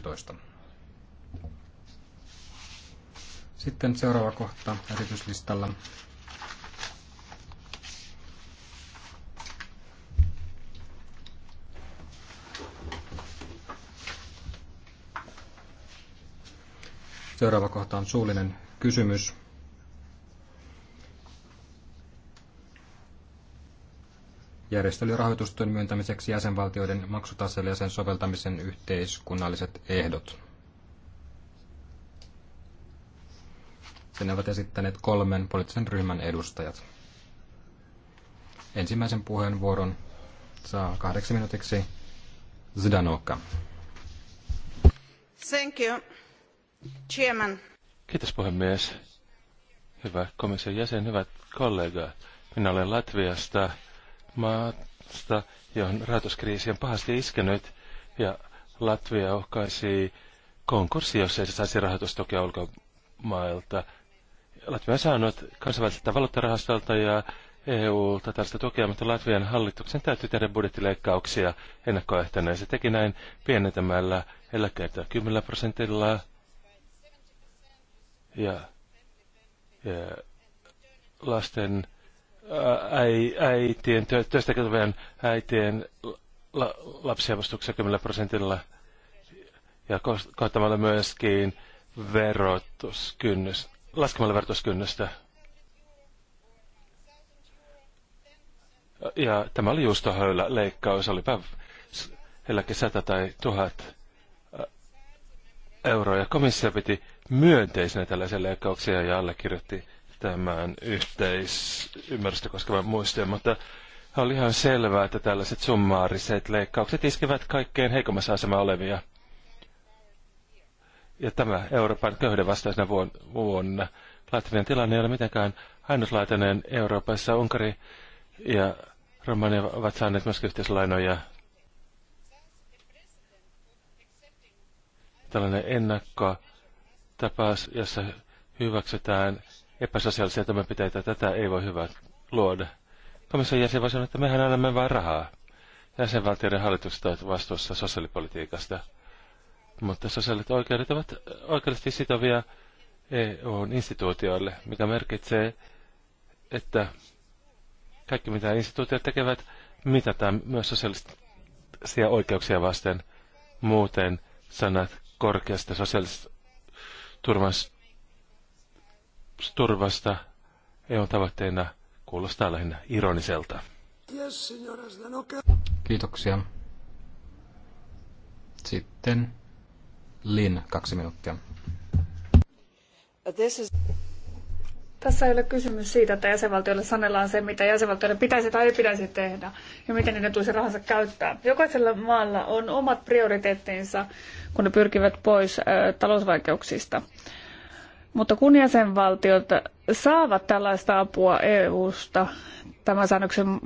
11. Sitten seuraava kohta erityislistalla. Seuraava kohta on suullinen kysymys järjestelyrahoitusten myöntämiseksi jäsenvaltioiden maksutaselle ja sen soveltamisen yhteiskunnalliset ehdot. Sen ovat esittäneet kolmen poliittisen ryhmän edustajat. Ensimmäisen puheenvuoron saa kahdeksi minuutiksi Zdanoka. Thank you. Chairman. Kiitos puhemies. Hyvä komission jäsen, hyvät kollegat. Minä olen Latviasta maasta, johon rahoituskriisi on pahasti iskenyt, ja Latvia uhkaisi konkurssi, jos ei se saisi rahoitustukea ulkomailta. Latvia on saanut kansainväliseltä valuuttarahastolta ja EU-ta tästä tukea, mutta Latvian hallituksen täytyy tehdä budjettileikkauksia ennakkoehtona. se teki näin pienentämällä eläkkeitä 10 prosentilla. Ja, ja lasten äitien, työstä käytävien äitien la, lapsiavustuksia 10 prosentilla ja kohtamalla myöskin verotuskynnys, laskemalla verotuskynnystä. Ja tämä oli juustohöylä leikkaus, olipa eläke 100 tai 1000 euroa. Ja komissio piti myönteisenä tällaisia leikkauksia ja allekirjoitti tämän yhteisymmärrystä koskevan muistion, mutta oli ihan selvää, että tällaiset summaariset leikkaukset iskevät kaikkein heikommassa asema olevia. Ja tämä Euroopan köyden vastaisena vuonna. Latvian tilanne ei ole mitenkään ainutlaatuinen Euroopassa. Unkari ja Romania ovat saaneet myös yhteislainoja. Tällainen ennakkotapaus, jossa hyväksytään epäsosiaalisia toimenpiteitä. Tätä ei voi hyvä luoda. Komission jäsen voi sanoa, että mehän annamme vain rahaa. Jäsenvaltioiden hallitukset ovat vastuussa sosiaalipolitiikasta. Mutta sosiaaliset oikeudet ovat oikeasti sitovia EU-instituutioille, mikä merkitsee, että kaikki mitä instituutiot tekevät mitataan myös sosiaalisia oikeuksia vasten. Muuten sanat korkeasta sosiaalisesta turvasta turvasta on tavoitteena kuulostaa lähinnä ironiselta. Kiitoksia. Sitten Lin, kaksi minuuttia. Tässä ei ole kysymys siitä, että jäsenvaltioille sanellaan se, mitä jäsenvaltioiden pitäisi tai ei pitäisi tehdä ja miten niiden tulisi rahansa käyttää. Jokaisella maalla on omat prioriteettinsa, kun ne pyrkivät pois äh, talousvaikeuksista. Mutta kun jäsenvaltiot saavat tällaista apua EU-sta tämän säännöksen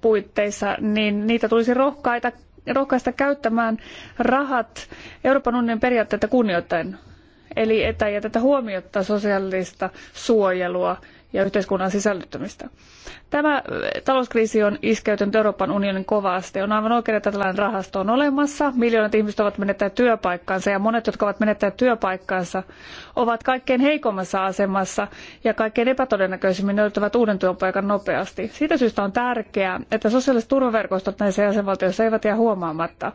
puitteissa, niin niitä tulisi rohkaita, rohkaista käyttämään rahat Euroopan unionin periaatteita kunnioittaen. Eli että ei jätetä huomiota sosiaalista suojelua ja yhteiskunnan sisällyttämistä. Tämä äh, talouskriisi on iskeytynyt Euroopan unionin kovasti. On aivan oikein, että tällainen rahasto on olemassa. Miljoonat ihmiset ovat menettäneet työpaikkansa ja monet, jotka ovat menettäneet työpaikkansa, ovat kaikkein heikommassa asemassa ja kaikkein epätodennäköisimmin löytävät uuden työpaikan nopeasti. Siitä syystä on tärkeää, että sosiaaliset turvaverkostot näissä jäsenvaltioissa eivät jää huomaamatta.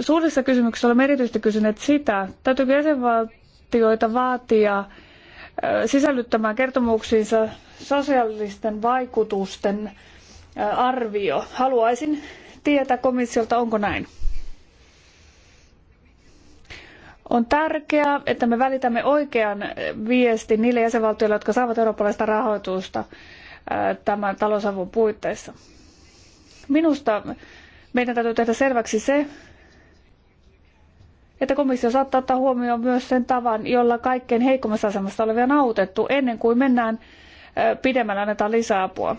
Suurissa kysymyksissä olemme erityisesti kysyneet sitä, täytyykö jäsenvaltioita vaatia sisällyttämään kertomuksiinsa sosiaalisten vaikutusten arvio. Haluaisin tietää komissiolta, onko näin. On tärkeää, että me välitämme oikean viestin niille jäsenvaltioille, jotka saavat eurooppalaista rahoitusta tämän talousavun puitteissa. Minusta meidän täytyy tehdä selväksi se, että komissio saattaa ottaa huomioon myös sen tavan, jolla kaikkein heikommassa asemassa olevia on autettu ennen kuin mennään pidemmälle annetaan lisäapua.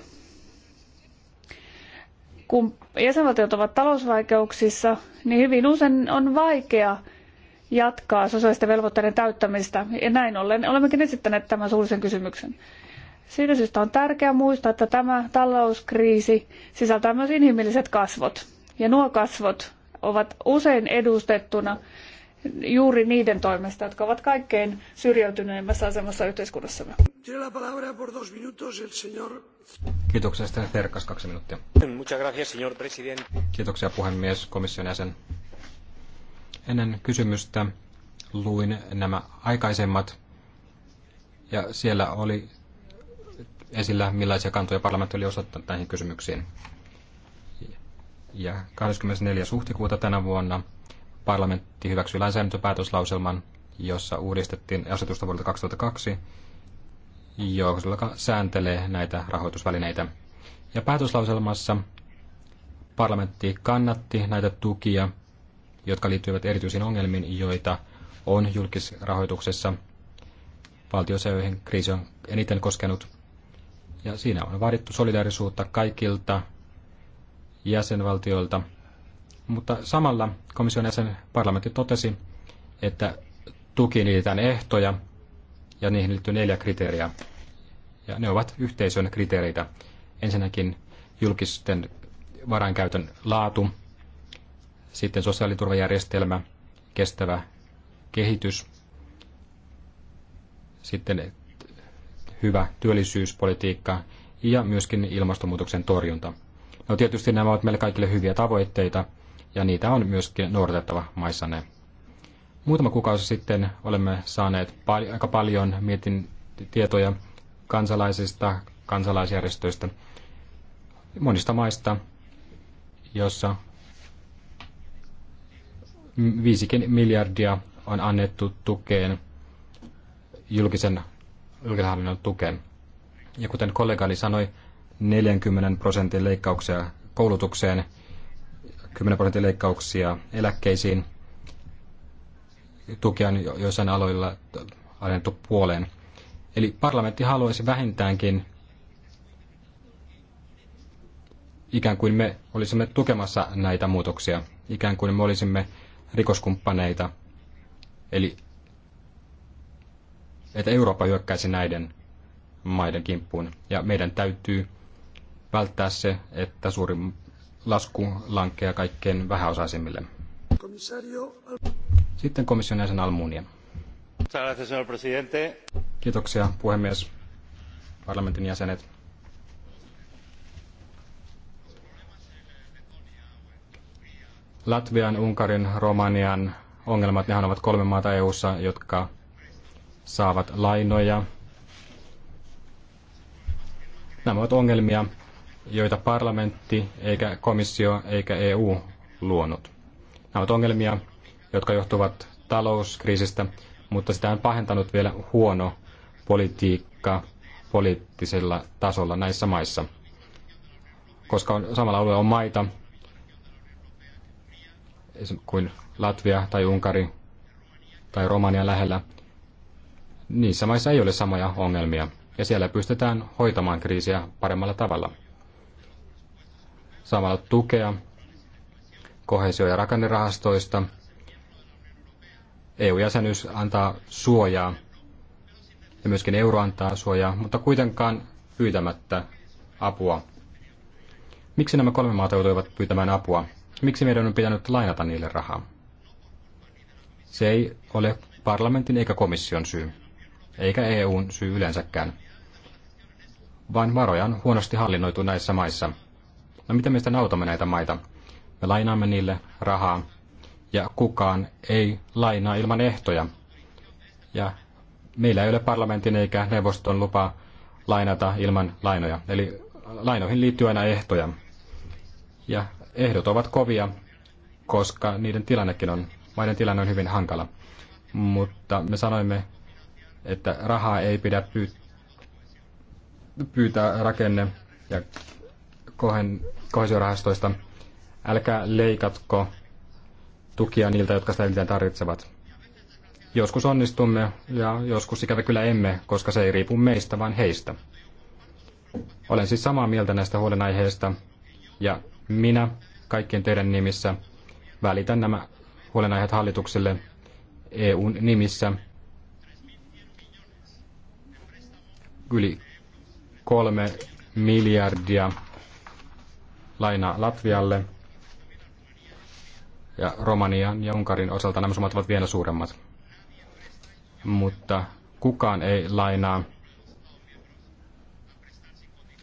Kun jäsenvaltiot ovat talousvaikeuksissa, niin hyvin usein on vaikea jatkaa sosiaalisten velvoitteiden täyttämistä. Ja näin ollen olemmekin esittäneet tämän suullisen kysymyksen. Siitä syystä on tärkeää muistaa, että tämä talouskriisi sisältää myös inhimilliset kasvot. Ja nuo kasvot ovat usein edustettuna juuri niiden toimesta, jotka ovat kaikkein syrjäytyneimmässä asemassa yhteiskunnassamme. Kiitoksia, sitten Terkas, kaksi minuuttia. Kiitoksia, puhemies, komission jäsen. Ennen kysymystä luin nämä aikaisemmat, ja siellä oli esillä, millaisia kantoja parlamentti oli osoittanut näihin kysymyksiin. Ja 24. huhtikuuta tänä vuonna parlamentti hyväksyi lainsäädäntöpäätöslauselman, jossa uudistettiin asetusta vuodelta 2002, joka sääntelee näitä rahoitusvälineitä. Ja päätöslauselmassa parlamentti kannatti näitä tukia, jotka liittyvät erityisiin ongelmiin, joita on julkisrahoituksessa valtioissa, kriisi on eniten koskenut. Ja siinä on vaadittu solidaarisuutta kaikilta jäsenvaltioilta mutta samalla komission jäsen parlamentti totesi, että tuki niitä ehtoja ja niihin liittyy neljä kriteeriä. Ja ne ovat yhteisön kriteereitä. Ensinnäkin julkisten varainkäytön laatu, sitten sosiaaliturvajärjestelmä, kestävä kehitys, sitten hyvä työllisyyspolitiikka ja myöskin ilmastonmuutoksen torjunta. No tietysti nämä ovat meille kaikille hyviä tavoitteita, ja niitä on myöskin noudatettava maissanne. Muutama kuukausi sitten olemme saaneet pal- aika paljon mietin tietoja kansalaisista, kansalaisjärjestöistä, monista maista, jossa viisikin miljardia on annettu tukeen, julkisen, hallinnon tukeen. Ja kuten kollegani sanoi, 40 prosentin leikkauksia koulutukseen – 10 prosentin leikkauksia eläkkeisiin, tukia on joissain aloilla alennettu puoleen. Eli parlamentti haluaisi vähintäänkin ikään kuin me olisimme tukemassa näitä muutoksia, ikään kuin me olisimme rikoskumppaneita, eli että Eurooppa hyökkäisi näiden maiden kimppuun. Ja meidän täytyy välttää se, että suurin lasku lankea kaikkein vähäosaisimmille. Sitten komission jäsen Almunia. Kiitoksia puhemies, parlamentin jäsenet. Latvian, Unkarin, Romanian ongelmat, nehän ovat kolme maata EU:ssa, jotka saavat lainoja. Nämä ovat ongelmia, joita parlamentti, eikä komissio, eikä EU luonut. Nämä ovat ongelmia, jotka johtuvat talouskriisistä, mutta sitä on pahentanut vielä huono politiikka poliittisella tasolla näissä maissa. Koska on, samalla alueella on maita kuin Latvia tai Unkari tai Romania lähellä, niissä maissa ei ole samoja ongelmia ja siellä pystytään hoitamaan kriisiä paremmalla tavalla saamalla tukea kohesio- ja rakennerahastoista. EU-jäsenyys antaa suojaa ja myöskin euro antaa suojaa, mutta kuitenkaan pyytämättä apua. Miksi nämä kolme maata joutuivat pyytämään apua? Miksi meidän on pitänyt lainata niille rahaa? Se ei ole parlamentin eikä komission syy, eikä EUn syy yleensäkään, vaan varoja on huonosti hallinnoitu näissä maissa – No miten me sitten autamme näitä maita? Me lainaamme niille rahaa ja kukaan ei lainaa ilman ehtoja. Ja meillä ei ole parlamentin eikä neuvoston lupa lainata ilman lainoja. Eli lainoihin liittyy aina ehtoja. Ja ehdot ovat kovia, koska niiden tilannekin on, maiden tilanne on hyvin hankala. Mutta me sanoimme, että rahaa ei pidä pyytää rakenne- ja kohen, kohesiorahastoista. Älkää leikatko tukia niiltä, jotka sitä eniten tarvitsevat. Joskus onnistumme ja joskus ikävä kyllä emme, koska se ei riipu meistä, vaan heistä. Olen siis samaa mieltä näistä huolenaiheista ja minä kaikkien teidän nimissä välitän nämä huolenaiheet hallitukselle EUn nimissä yli kolme miljardia laina Latvialle. Ja Romanian ja Unkarin osalta nämä summat ovat vielä suuremmat. Mutta kukaan ei lainaa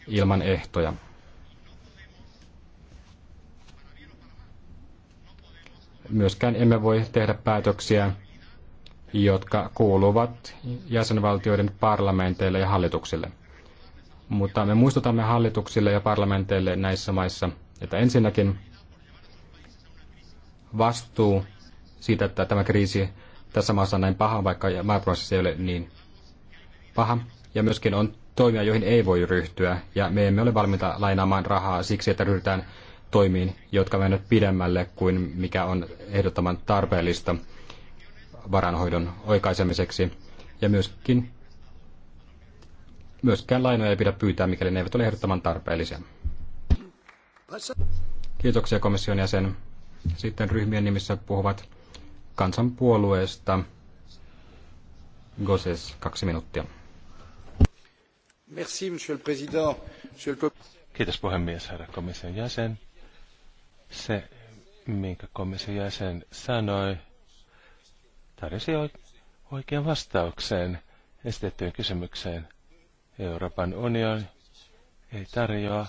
ilman ehtoja. Myöskään emme voi tehdä päätöksiä, jotka kuuluvat jäsenvaltioiden parlamenteille ja hallituksille. Mutta me muistutamme hallituksille ja parlamenteille näissä maissa, että ensinnäkin vastuu siitä, että tämä kriisi tässä maassa on näin paha, vaikka maaprosessi ei ole niin paha. Ja myöskin on toimia, joihin ei voi ryhtyä, ja me emme ole valmiita lainaamaan rahaa siksi, että ryhdytään toimiin, jotka menevät pidemmälle kuin mikä on ehdottoman tarpeellista varanhoidon oikaisemiseksi. Ja myöskin myöskään lainoja ei pidä pyytää, mikäli ne eivät ole ehdottoman tarpeellisia. Kiitoksia komission jäsen. Sitten ryhmien nimissä puhuvat kansanpuolueesta Goses kaksi minuuttia. Merci, monsieur le président. Monsieur le... Kiitos puhemies, herra komission jäsen. Se, minkä komission jäsen sanoi, tarjosi oikean vastaukseen esitettyyn kysymykseen – Euroopan unioni ei tarjoa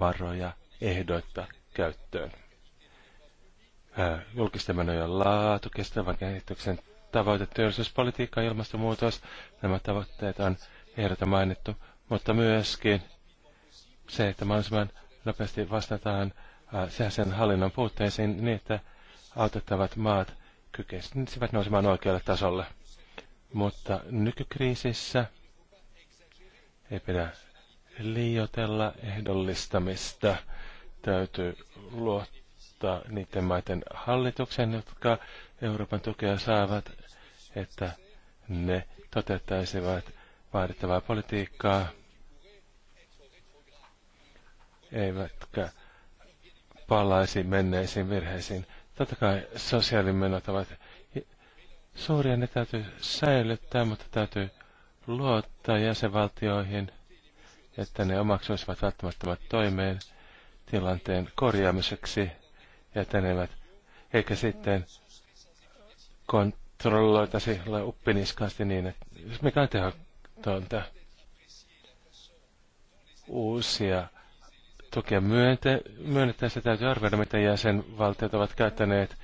varoja ehdoitta käyttöön. Julkisten menojen laatu, kestävän kehityksen tavoite, työllisyyspolitiikka ja ilmastonmuutos, nämä tavoitteet on ehdota mainittu, mutta myöskin se, että mahdollisimman nopeasti vastataan sehän hallinnon puutteisiin niin, että autettavat maat kykenisivät nousemaan oikealle tasolle. Mutta nykykriisissä ei pidä liioitella ehdollistamista. Täytyy luottaa niiden maiden hallituksen, jotka Euroopan tukea saavat, että ne toteuttaisivat vaadittavaa politiikkaa, eivätkä palaisi menneisiin virheisiin. Totta kai sosiaalimenot ovat suuria, ne täytyy säilyttää, mutta täytyy luottaa jäsenvaltioihin, että ne omaksuisivat välttämättömät toimeen tilanteen korjaamiseksi ja eivät eikä sitten kontrolloitaisi uppiniskaasti niin, että mikä on tehotonta uusia tukia myönnettäessä täytyy arvioida, miten jäsenvaltiot ovat käyttäneet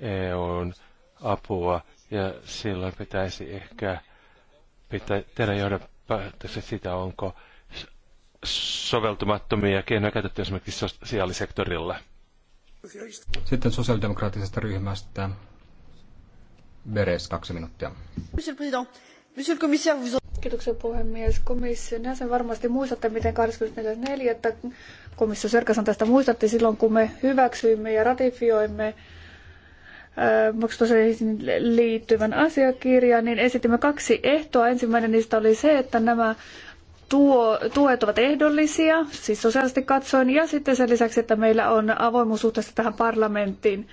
EUn apua, ja silloin pitäisi ehkä pitää tehdä johdopäätökset sitä, onko soveltumattomia keinoja käytetty esimerkiksi sosiaalisektorilla. Sitten sosiaalidemokraattisesta ryhmästä Beres, kaksi minuuttia. Kiitoksia puhemies. Komission jäsen varmasti muistatte, miten 24.4. komissio Serkasan tästä muistatti silloin, kun me hyväksyimme ja ratifioimme maksutosiin liittyvän asiakirjan, niin esitimme kaksi ehtoa. Ensimmäinen niistä oli se, että nämä tuo, tuet ovat ehdollisia, siis sosiaalisesti katsoen, ja sitten sen lisäksi, että meillä on avoimuus suhteessa tähän parlamenttiin.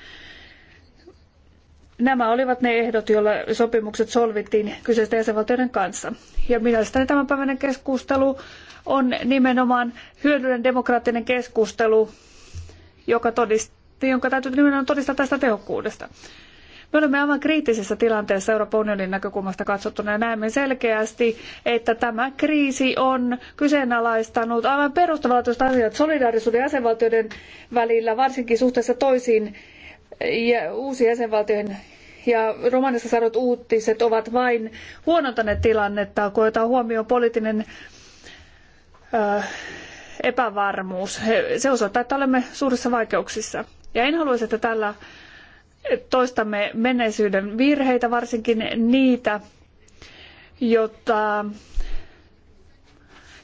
Nämä olivat ne ehdot, joilla sopimukset solvittiin kyseisten jäsenvaltioiden kanssa. Ja mielestäni tämänpäiväinen keskustelu on nimenomaan hyödyllinen demokraattinen keskustelu, joka todistaa, jonka täytyy nimenomaan todistaa tästä tehokkuudesta. Me olemme aivan kriittisessä tilanteessa Euroopan unionin näkökulmasta katsottuna ja näemme selkeästi, että tämä kriisi on kyseenalaistanut aivan perustavanlaatuiset asiat solidaarisuuden jäsenvaltioiden välillä, varsinkin suhteessa toisiin ja uusiin jäsenvaltioihin. Ja Romaniassa saadut uutiset ovat vain huonontaneet tilannetta, kun otetaan huomioon poliittinen öö, epävarmuus. Se osoittaa, että olemme suurissa vaikeuksissa. Ja en haluaisi, että tällä toistamme menneisyyden virheitä, varsinkin niitä, joita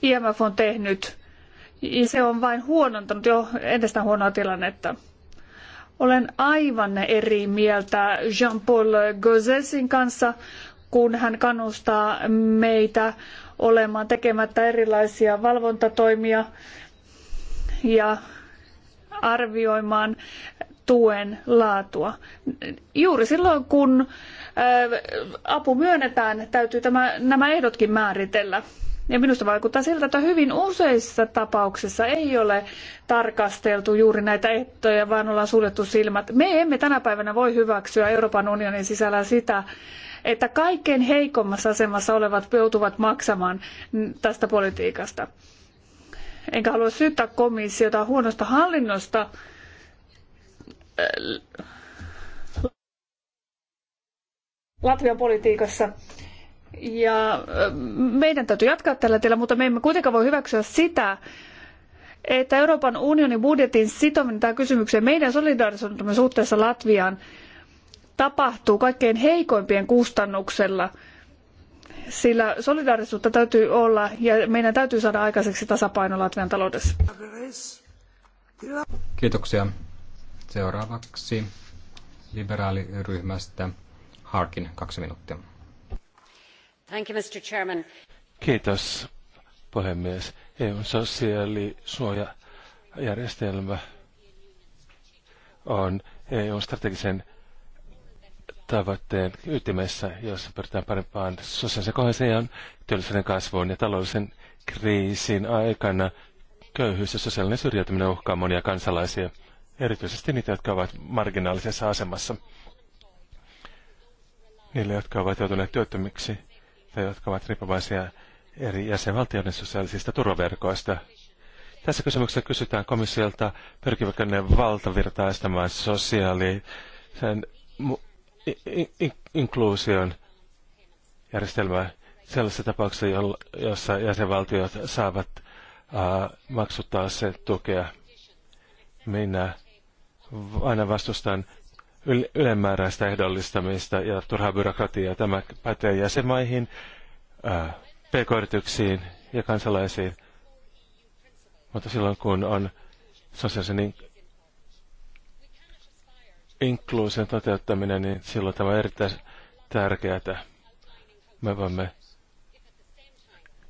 IMF on tehnyt. ja Se on vain huonontanut jo entistä huonoa tilannetta. Olen aivan eri mieltä Jean-Paul Gauzessin kanssa, kun hän kannustaa meitä olemaan tekemättä erilaisia valvontatoimia ja arvioimaan tuen laatua. Juuri silloin, kun apu myönnetään, täytyy tämä, nämä ehdotkin määritellä. Ja minusta vaikuttaa siltä, että hyvin useissa tapauksissa ei ole tarkasteltu juuri näitä ehtoja, vaan ollaan suljettu silmät. Me emme tänä päivänä voi hyväksyä Euroopan unionin sisällä sitä, että kaikkein heikommassa asemassa olevat joutuvat maksamaan tästä politiikasta enkä halua syyttää komissiota huonosta hallinnosta. Latvian politiikassa. Ja meidän täytyy jatkaa tällä tiellä, mutta me emme kuitenkaan voi hyväksyä sitä, että Euroopan unionin budjetin sitominen tähän kysymykseen meidän solidaarisuutemme suhteessa Latviaan tapahtuu kaikkein heikoimpien kustannuksella – sillä solidaarisuutta täytyy olla ja meidän täytyy saada aikaiseksi tasapaino Latvian taloudessa. Kiitoksia. Seuraavaksi liberaaliryhmästä Harkin, kaksi minuuttia. Thank you, Mr. Chairman. Kiitos, puhemies. EUn sosiaalisuojajärjestelmä on EUn strategisen tavoitteen ytimessä, jossa pyritään parempaan sosiaalisen kohdaseen, työllisyyden kasvuun ja taloudellisen kriisin aikana köyhyys ja sosiaalinen syrjäytyminen uhkaa monia kansalaisia, erityisesti niitä, jotka ovat marginaalisessa asemassa. Niille, jotka ovat joutuneet työttömiksi tai jotka ovat riippuvaisia eri jäsenvaltioiden sosiaalisista turvaverkoista. Tässä kysymyksessä kysytään komissiolta, pyrkivätkö ne valtavirtaistamaan sosiaali sen in, inkluusion järjestelmää sellaisessa tapauksessa, jossa jäsenvaltiot saavat ää, maksuttaa se tukea. Minä aina vastustan ylemmääräistä ehdollistamista ja turhaa byrokratiaa. Tämä pätee jäsenmaihin, pk-yrityksiin ja kansalaisiin. Mutta silloin kun on sosiaalisen inkluusion toteuttaminen, niin silloin tämä on erittäin tärkeää. Me voimme,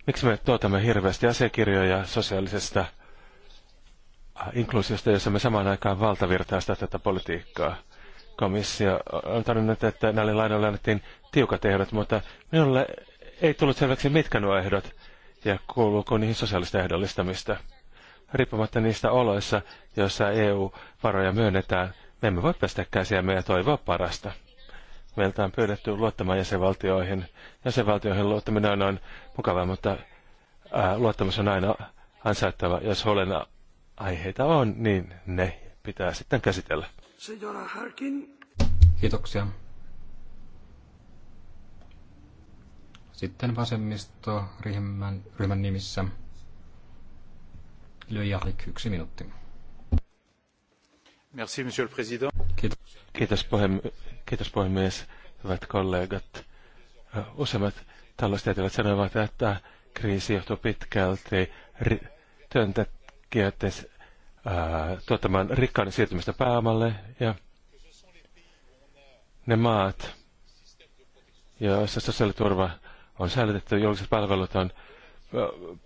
miksi me tuotamme hirveästi asiakirjoja sosiaalisesta äh, inkluusiosta, jossa me samaan aikaan valtavirtaista tätä politiikkaa. Komissio on tarvinnut, että näille lainoille annettiin tiukat ehdot, mutta minulle ei tullut selväksi, mitkä nuo ehdot ja kuuluuko niihin sosiaalista ehdollistamista. Riippumatta niistä oloissa, joissa EU-varoja myönnetään, me emme voi pestä käsiämme ja toivoa parasta. Meiltä on pyydetty luottamaan jäsenvaltioihin. Jäsenvaltioihin luottaminen on, on mukavaa, mutta ää, luottamus on aina ansaittava. Jos huolena aiheita on, niin ne pitää sitten käsitellä. Kiitoksia. Sitten vasemmisto ryhmän, ryhmän nimissä. Lyöjahik, yksi minuutti. Merci, Kiitos, puhemies, hyvät kollegat. Useimmat taloustieteilijät sanovat, että kriisi johtuu pitkälti ri- työntekijöiden tuottamaan rikkauden siirtymistä pääomalle ja ne maat, joissa sosiaaliturva on säilytetty, julkiset palvelut on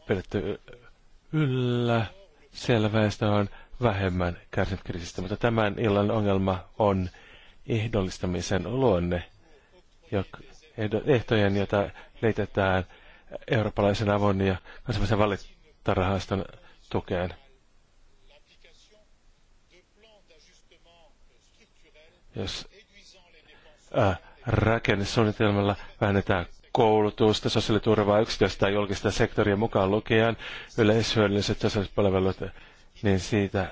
pidetty yllä, siellä väestö on vähemmän kärsinyt kriisistä, mutta tämän illan ongelma on ehdollistamisen luonne, ehtojen, joita leitetään eurooppalaisen avun ja kansainvälisen valittarahaston tukeen. Jos äh, rakennesuunnitelmalla vähennetään koulutusta, sosiaaliturvaa, yksityistä tai julkista sektoria mukaan lukien, yleishyödylliset sosiaalipalvelut niin siitä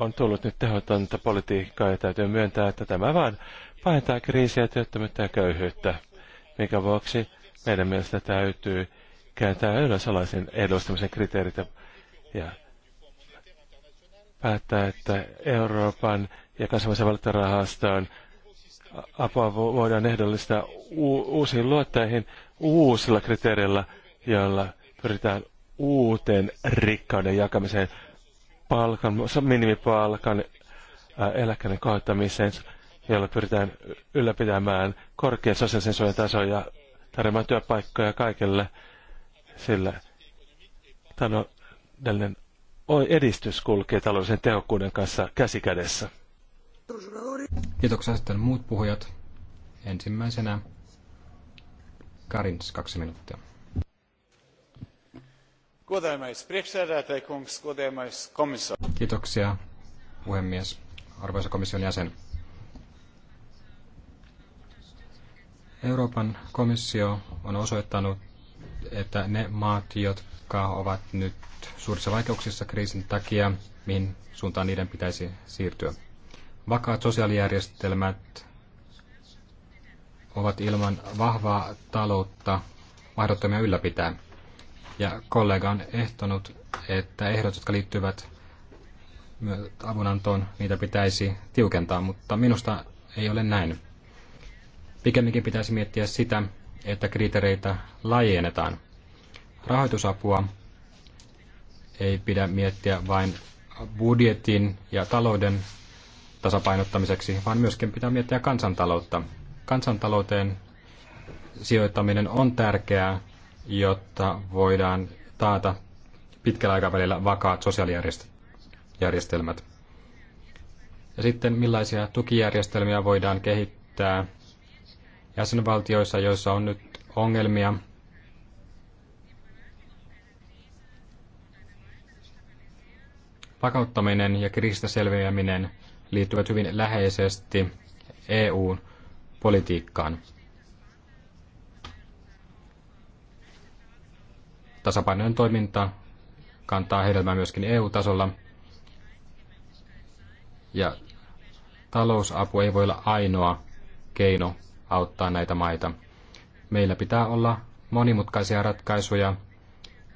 on tullut nyt tehotonta politiikkaa ja täytyy myöntää, että tämä vaan pahentaa kriisiä, työttömyyttä ja köyhyyttä, minkä vuoksi meidän mielestä täytyy kääntää ylös alaisen edustamisen kriteerit ja, ja päättää, että Euroopan ja kansainvälisen valuuttarahaston apua voidaan ehdollistaa uusiin luotteihin uusilla kriteereillä, joilla pyritään uuteen rikkauden jakamiseen palkan, minimipalkan äh, eläkkeiden kohtamiseen, jolla pyritään ylläpitämään korkean sosiaalisen suojan tasoa ja tarjoamaan työpaikkoja kaikille, sillä taloudellinen edistys kulkee taloudellisen tehokkuuden kanssa käsikädessä. Kiitoksia sitten muut puhujat. Ensimmäisenä Karins kaksi minuuttia. Godājamais Kiitoksia, puhemies. Arvoisa komission jäsen. Euroopan komissio on osoittanut, että ne maat, jotka ovat nyt suurissa vaikeuksissa kriisin takia, mihin suuntaan niiden pitäisi siirtyä. Vakaat sosiaalijärjestelmät ovat ilman vahvaa taloutta mahdottomia ylläpitää. Ja kollega on ehtonut, että ehdot, jotka liittyvät avunantoon, niitä pitäisi tiukentaa, mutta minusta ei ole näin. Pikemminkin pitäisi miettiä sitä, että kriteereitä laajennetaan. Rahoitusapua ei pidä miettiä vain budjetin ja talouden tasapainottamiseksi, vaan myöskin pitää miettiä kansantaloutta. Kansantalouteen sijoittaminen on tärkeää jotta voidaan taata pitkällä aikavälillä vakaat sosiaalijärjestelmät. Ja sitten millaisia tukijärjestelmiä voidaan kehittää jäsenvaltioissa, joissa on nyt ongelmia. Vakauttaminen ja kriisistä selviäminen liittyvät hyvin läheisesti EU-politiikkaan. Tasapainoinen toiminta kantaa hedelmää myöskin EU-tasolla. Ja talousapu ei voi olla ainoa keino auttaa näitä maita. Meillä pitää olla monimutkaisia ratkaisuja,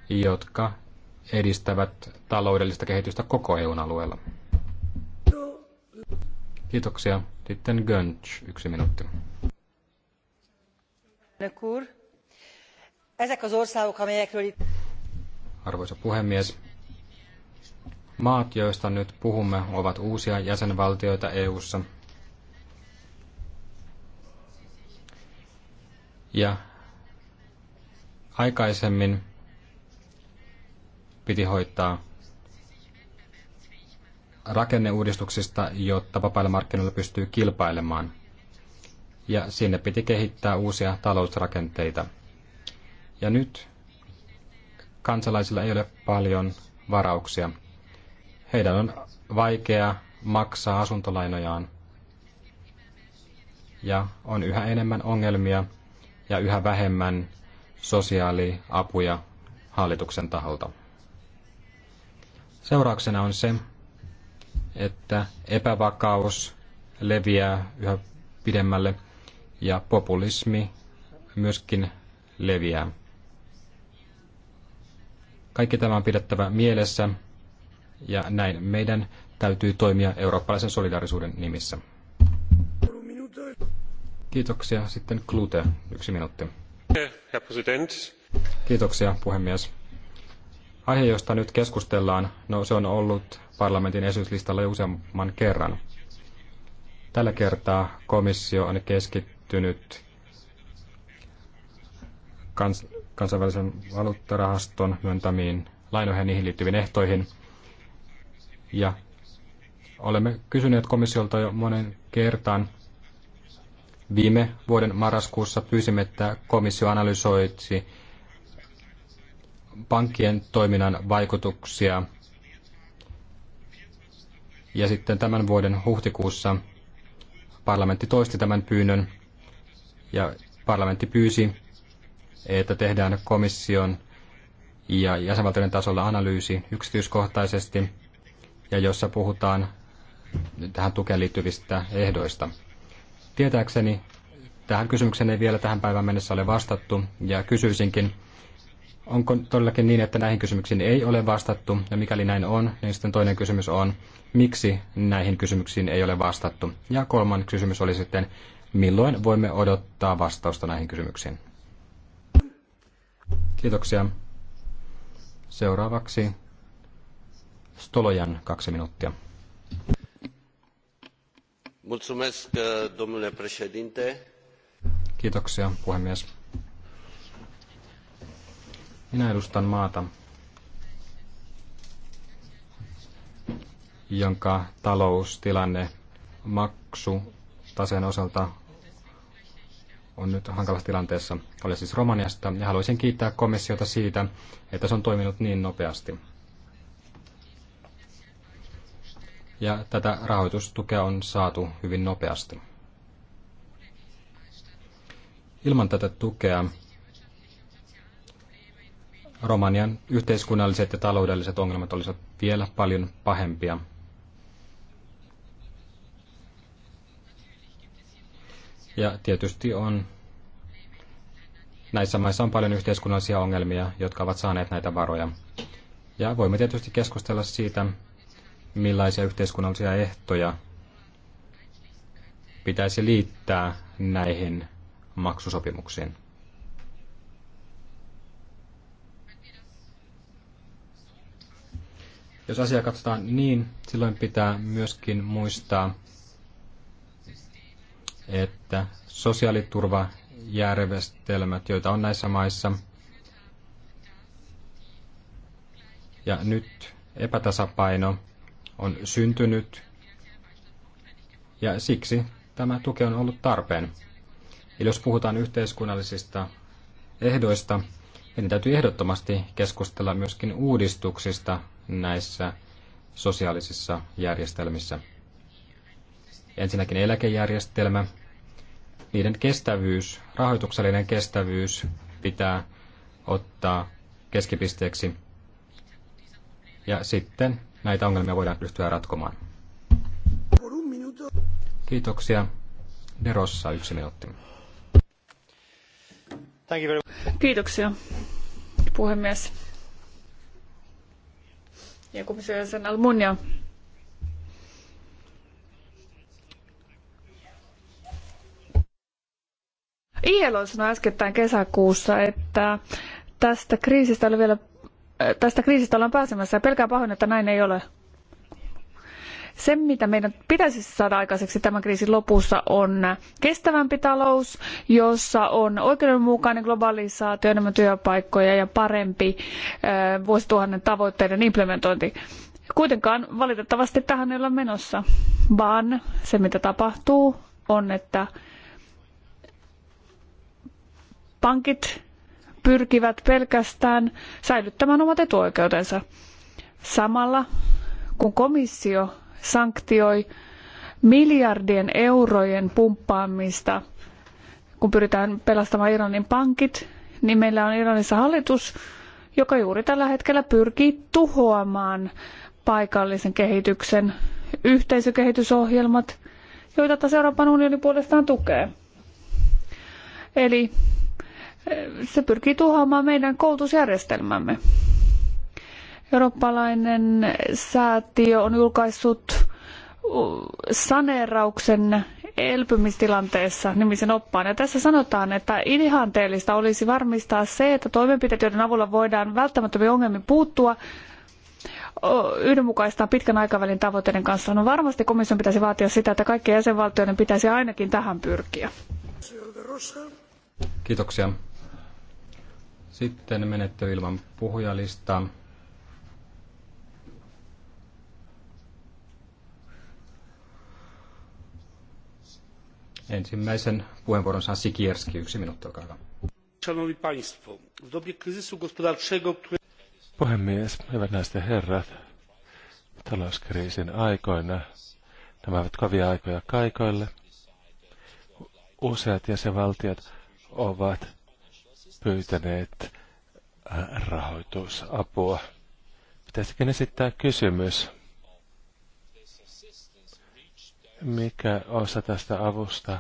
jotka edistävät taloudellista kehitystä koko EUn alueella. Kiitoksia. Sitten Gönch, yksi minuutti. Arvoisa puhemies, maat, joista nyt puhumme, ovat uusia jäsenvaltioita EU:ssa. Ja aikaisemmin piti hoitaa rakenneuudistuksista, jotta vapailla markkinoilla pystyy kilpailemaan. Ja sinne piti kehittää uusia talousrakenteita. Ja nyt kansalaisilla ei ole paljon varauksia. Heidän on vaikea maksaa asuntolainojaan. Ja on yhä enemmän ongelmia ja yhä vähemmän sosiaaliapuja hallituksen taholta. Seurauksena on se, että epävakaus leviää yhä pidemmälle ja populismi myöskin leviää. Kaikki tämä on pidettävä mielessä ja näin meidän täytyy toimia eurooppalaisen solidaarisuuden nimissä. Kiitoksia. Sitten Klute, yksi minuutti. Kiitoksia, puhemies. Aihe, josta nyt keskustellaan, no se on ollut parlamentin esityslistalla jo useamman kerran. Tällä kertaa komissio on keskittynyt kans, kansainvälisen valuuttarahaston myöntämiin lainoihin ja niihin liittyviin ehtoihin. Ja olemme kysyneet komissiolta jo monen kertaan. Viime vuoden marraskuussa pyysimme, että komissio analysoitsi pankkien toiminnan vaikutuksia. Ja sitten tämän vuoden huhtikuussa parlamentti toisti tämän pyynnön ja parlamentti pyysi, että tehdään komission ja jäsenvaltioiden tasolla analyysi yksityiskohtaisesti ja jossa puhutaan tähän tukeen liittyvistä ehdoista. Tietääkseni tähän kysymykseen ei vielä tähän päivään mennessä ole vastattu ja kysyisinkin, onko todellakin niin, että näihin kysymyksiin ei ole vastattu ja mikäli näin on, niin sitten toinen kysymys on, miksi näihin kysymyksiin ei ole vastattu. Ja kolmas kysymys oli sitten, milloin voimme odottaa vastausta näihin kysymyksiin. Kiitoksia. Seuraavaksi Stolojan kaksi minuuttia. Mulțumesc, domnule președinte. Kiitoksia, puhemies. Minä edustan maata, jonka taloustilanne taseen osalta on nyt hankalassa tilanteessa. Olen siis Romaniasta ja haluaisin kiittää komissiota siitä, että se on toiminut niin nopeasti. Ja tätä rahoitustukea on saatu hyvin nopeasti. Ilman tätä tukea Romanian yhteiskunnalliset ja taloudelliset ongelmat olisivat vielä paljon pahempia Ja tietysti on, näissä maissa on paljon yhteiskunnallisia ongelmia, jotka ovat saaneet näitä varoja. Ja voimme tietysti keskustella siitä, millaisia yhteiskunnallisia ehtoja pitäisi liittää näihin maksusopimuksiin. Jos asiaa katsotaan niin, silloin pitää myöskin muistaa, että sosiaaliturvajärjestelmät, joita on näissä maissa, ja nyt epätasapaino on syntynyt, ja siksi tämä tuki on ollut tarpeen. Eli jos puhutaan yhteiskunnallisista ehdoista, niin täytyy ehdottomasti keskustella myöskin uudistuksista näissä sosiaalisissa järjestelmissä. Ensinnäkin eläkejärjestelmä. Niiden kestävyys, rahoituksellinen kestävyys pitää ottaa keskipisteeksi. Ja sitten näitä ongelmia voidaan pystyä ratkomaan. Kiitoksia. Derossa yksi minuutti. Kiitoksia, puhemies. Ja komissio jäsen Almunia, ILO sanoi äskettäin kesäkuussa, että tästä kriisistä, oli vielä, äh, tästä kriisistä ollaan pääsemässä ja pelkää pahoin, että näin ei ole. Se, mitä meidän pitäisi saada aikaiseksi tämän kriisin lopussa, on kestävämpi talous, jossa on oikeudenmukainen globalisaatio, enemmän työpaikkoja ja parempi äh, vuosituhannen tavoitteiden implementointi. Kuitenkaan valitettavasti tähän ei olla menossa, vaan se, mitä tapahtuu, on, että Pankit pyrkivät pelkästään säilyttämään omat etuoikeutensa. Samalla kun komissio sanktioi miljardien eurojen pumppaamista, kun pyritään pelastamaan Iranin pankit, niin meillä on Iranissa hallitus, joka juuri tällä hetkellä pyrkii tuhoamaan paikallisen kehityksen yhteisökehitysohjelmat, joita taas Euroopan unioni puolestaan tukee. Eli se pyrkii tuhoamaan meidän koulutusjärjestelmämme. Eurooppalainen säätiö on julkaissut saneerauksen elpymistilanteessa nimisen oppaan. Ja tässä sanotaan, että ihanteellista olisi varmistaa se, että toimenpiteet, joiden avulla voidaan välttämättömiin ongelmiin puuttua, yhdenmukaistaa pitkän aikavälin tavoitteiden kanssa. No varmasti komission pitäisi vaatia sitä, että kaikkien jäsenvaltioiden pitäisi ainakin tähän pyrkiä. Kiitoksia. Sitten menettely ilman puhujalistaa. Ensimmäisen puheenvuoron saa Sikierski, yksi minuutti, olkaa hyvä. Szanowni Państwo, w dobie kryzysu gospodarczego, który... Puhemies, hyvät naiset ja herrat, talouskriisin aikoina nämä ovat kovia aikoja kaikoille. Useat jäsenvaltiot ovat pyytäneet äh, rahoitusapua. Pitäisikin esittää kysymys, mikä osa tästä avusta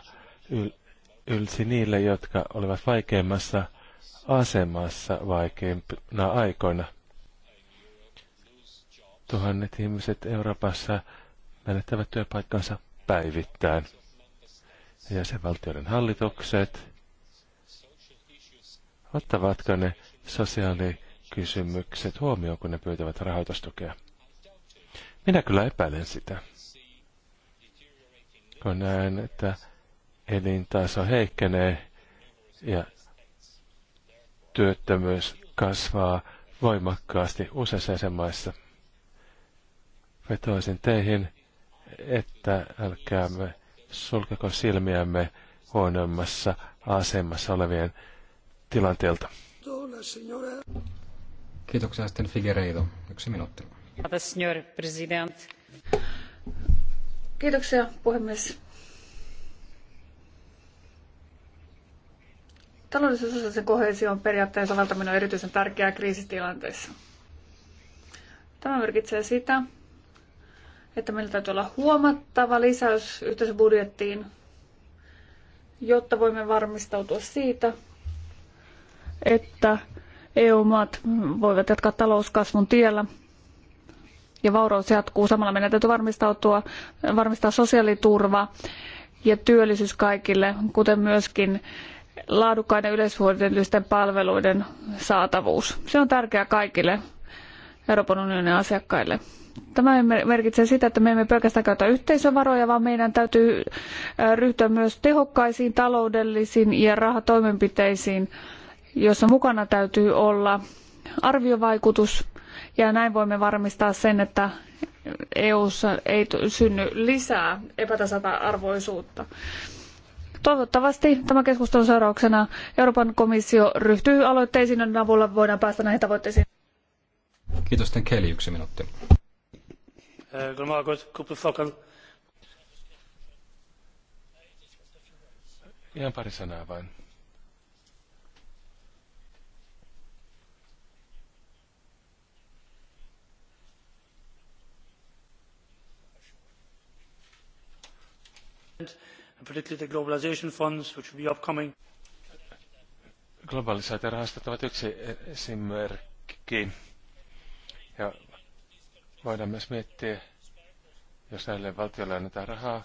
yl- ylsi niille, jotka olivat vaikeimmassa asemassa vaikeimpina aikoina. Tuhannet ihmiset Euroopassa menettävät työpaikkansa päivittäin. Ja sen valtioiden hallitukset, Ottavatko ne sosiaalikysymykset huomioon, kun ne pyytävät rahoitustukea? Minä kyllä epäilen sitä. Kun näen, että elintaso heikkenee ja työttömyys kasvaa voimakkaasti useissa jäsenmaissa. Vetoisin teihin, että älkäämme sulkeko silmiämme huonommassa asemassa olevien tilanteelta. Kiitoksia sitten Figueiredo. Yksi minuutti. Kiitoksia puhemies. Taloudellisen sosiaalisen kohesion periaatteen soveltaminen on erityisen tärkeää kriisitilanteissa. Tämä merkitsee sitä, että meillä täytyy olla huomattava lisäys yhteisöbudjettiin, jotta voimme varmistautua siitä, että EU-maat voivat jatkaa talouskasvun tiellä ja vauraus jatkuu. Samalla meidän täytyy varmistautua, varmistaa sosiaaliturva ja työllisyys kaikille, kuten myöskin laadukkaiden yleishyödyllisten palveluiden saatavuus. Se on tärkeää kaikille Euroopan unionin asiakkaille. Tämä merkitsee sitä, että me emme pelkästään käytä yhteisövaroja, vaan meidän täytyy ryhtyä myös tehokkaisiin taloudellisiin ja rahatoimenpiteisiin, jossa mukana täytyy olla arviovaikutus ja näin voimme varmistaa sen, että EU:ssa ei synny lisää epätasa-arvoisuutta. Toivottavasti tämän keskustelun seurauksena Euroopan komissio ryhtyy aloitteisiin, joiden avulla voidaan päästä näihin tavoitteisiin. Kiitos, Kelly, yksi minuutti. Ihan pari sanaa vain. investment and particularly the globalisation funds which will be upcoming. Globalisaatiorahastot ovat yksi e- esimerkki. Ja voidaan myös miettiä, jos näille valtioille annetaan rahaa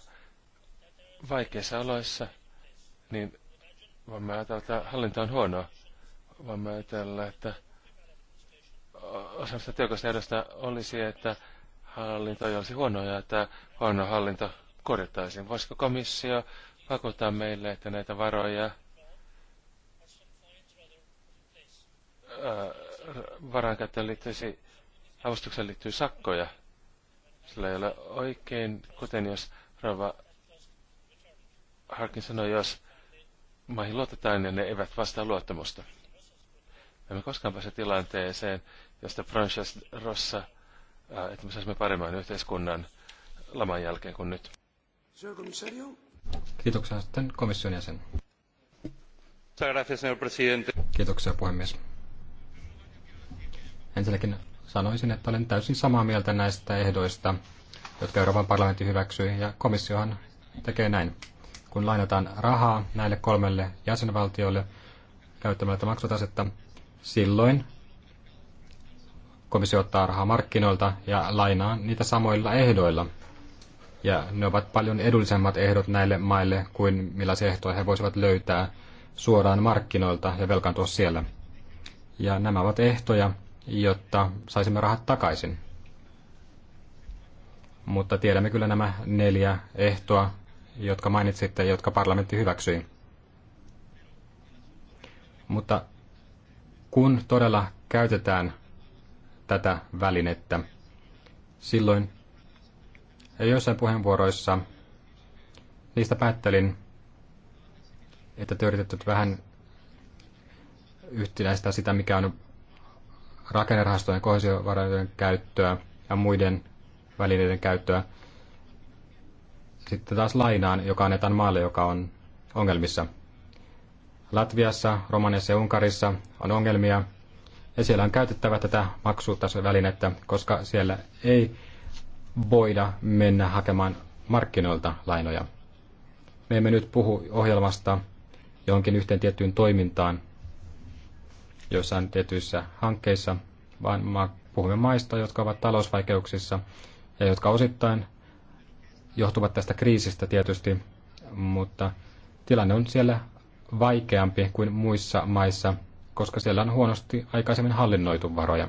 vaikeissa oloissa, niin voimme ajatella, että hallinto on huonoa. Voimme ajatella, että osa sitä työkoista edosta olisi, että hallinto ei olisi huonoa ja että huono hallinto korjattaisiin? Voisiko komissio vakuuttaa meille, että näitä varoja äh, varankäyttöön liittyisi, avustukseen liittyy sakkoja? Sillä ei ole oikein, kuten jos Rova Harkin sanoi, jos maihin luotetaan ja niin ne eivät vastaa luottamusta. Me emme koskaan pääse tilanteeseen, josta Frances Rossa, äh, että me saisimme paremman yhteiskunnan laman jälkeen kuin nyt. Kiitoksia sitten Kiitoksia puhemies. Ensinnäkin sanoisin, että olen täysin samaa mieltä näistä ehdoista, jotka Euroopan parlamentti hyväksyi, ja komissiohan tekee näin. Kun lainataan rahaa näille kolmelle jäsenvaltiolle käyttämällä maksutasetta, silloin komissio ottaa rahaa markkinoilta ja lainaa niitä samoilla ehdoilla – ja ne ovat paljon edullisemmat ehdot näille maille kuin millaisia ehtoja he voisivat löytää suoraan markkinoilta ja velkaantua siellä. Ja nämä ovat ehtoja, jotta saisimme rahat takaisin. Mutta tiedämme kyllä nämä neljä ehtoa, jotka mainitsitte, jotka parlamentti hyväksyi. Mutta kun todella käytetään tätä välinettä, silloin ja joissain puheenvuoroissa niistä päättelin, että te yritetty vähän yhtenäistää sitä, mikä on rakennerahastojen, kohesiovarojen käyttöä ja muiden välineiden käyttöä. Sitten taas lainaan, joka annetaan maalle, joka on ongelmissa. Latviassa, Romaniassa ja Unkarissa on ongelmia, ja siellä on käytettävä tätä maksutasovälinettä, koska siellä ei voida mennä hakemaan markkinoilta lainoja. Me emme nyt puhu ohjelmasta johonkin yhteen tiettyyn toimintaan joissain tietyissä hankkeissa, vaan puhumme maista, jotka ovat talousvaikeuksissa ja jotka osittain johtuvat tästä kriisistä tietysti, mutta tilanne on siellä vaikeampi kuin muissa maissa, koska siellä on huonosti aikaisemmin hallinnoitu varoja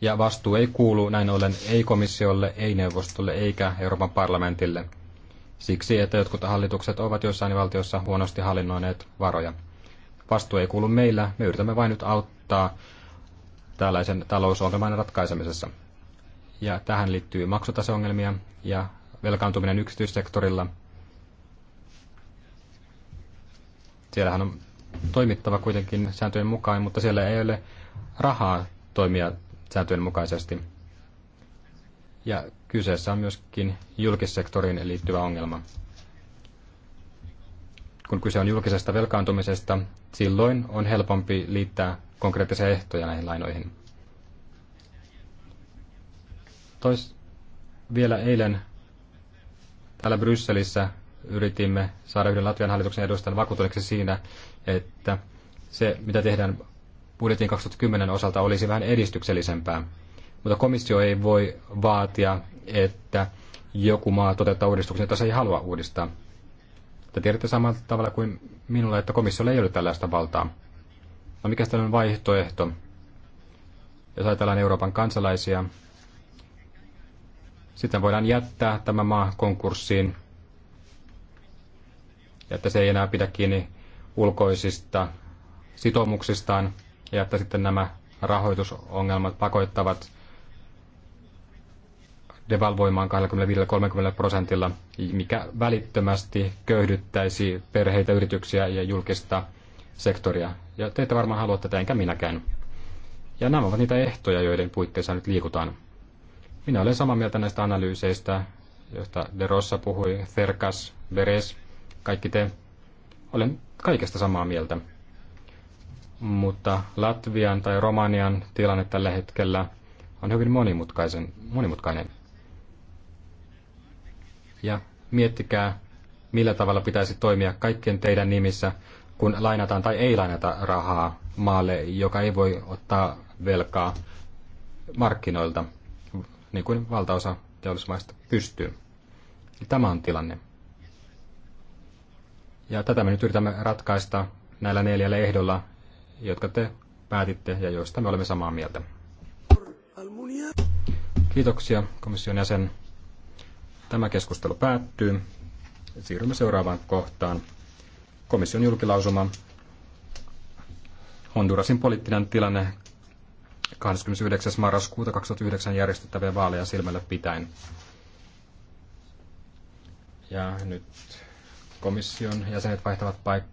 ja vastuu ei kuulu näin ollen ei komissiolle, ei neuvostolle eikä Euroopan parlamentille. Siksi, että jotkut hallitukset ovat joissain valtioissa huonosti hallinnoineet varoja. Vastuu ei kuulu meillä, me yritämme vain nyt auttaa tällaisen talousongelman ratkaisemisessa. Ja tähän liittyy maksutaseongelmia ja velkaantuminen yksityissektorilla. Siellähän on toimittava kuitenkin sääntöjen mukaan, mutta siellä ei ole rahaa toimia sääntöjen mukaisesti. Ja kyseessä on myöskin julkissektoriin liittyvä ongelma. Kun kyse on julkisesta velkaantumisesta, silloin on helpompi liittää konkreettisia ehtoja näihin lainoihin. Tois, vielä eilen täällä Brysselissä yritimme saada yhden Latvian hallituksen edustajan vakuutuneeksi siinä, että se, mitä tehdään budjetin 2010 osalta olisi vähän edistyksellisempää. Mutta komissio ei voi vaatia, että joku maa toteuttaa uudistuksen, jota se ei halua uudistaa. Te tiedätte samalla tavalla kuin minulla, että komissiolla ei ole tällaista valtaa. No mikä on vaihtoehto? Jos ajatellaan Euroopan kansalaisia, sitten voidaan jättää tämä maa konkurssiin, ja että se ei enää pidä kiinni ulkoisista sitoumuksistaan ja että sitten nämä rahoitusongelmat pakoittavat devalvoimaan 25-30 prosentilla, mikä välittömästi köyhdyttäisi perheitä, yrityksiä ja julkista sektoria. Ja te ette varmaan halua tätä, enkä minäkään. Ja nämä ovat niitä ehtoja, joiden puitteissa nyt liikutaan. Minä olen samaa mieltä näistä analyyseistä, joista De Rossa puhui, Ferkas, Veres, kaikki te. Olen kaikesta samaa mieltä mutta Latvian tai Romanian tilanne tällä hetkellä on hyvin monimutkaisen, monimutkainen. Ja miettikää, millä tavalla pitäisi toimia kaikkien teidän nimissä, kun lainataan tai ei lainata rahaa maalle, joka ei voi ottaa velkaa markkinoilta, niin kuin valtaosa teollisuusmaista pystyy. Tämä on tilanne. Ja tätä me nyt yritämme ratkaista näillä neljällä ehdolla, jotka te päätitte ja joista me olemme samaa mieltä. Kiitoksia komission jäsen. Tämä keskustelu päättyy. Siirrymme seuraavaan kohtaan. Komission julkilausuma. Hondurasin poliittinen tilanne 29. marraskuuta 2009 järjestettäviä vaaleja silmällä pitäen. Ja nyt komission jäsenet vaihtavat paikkaa.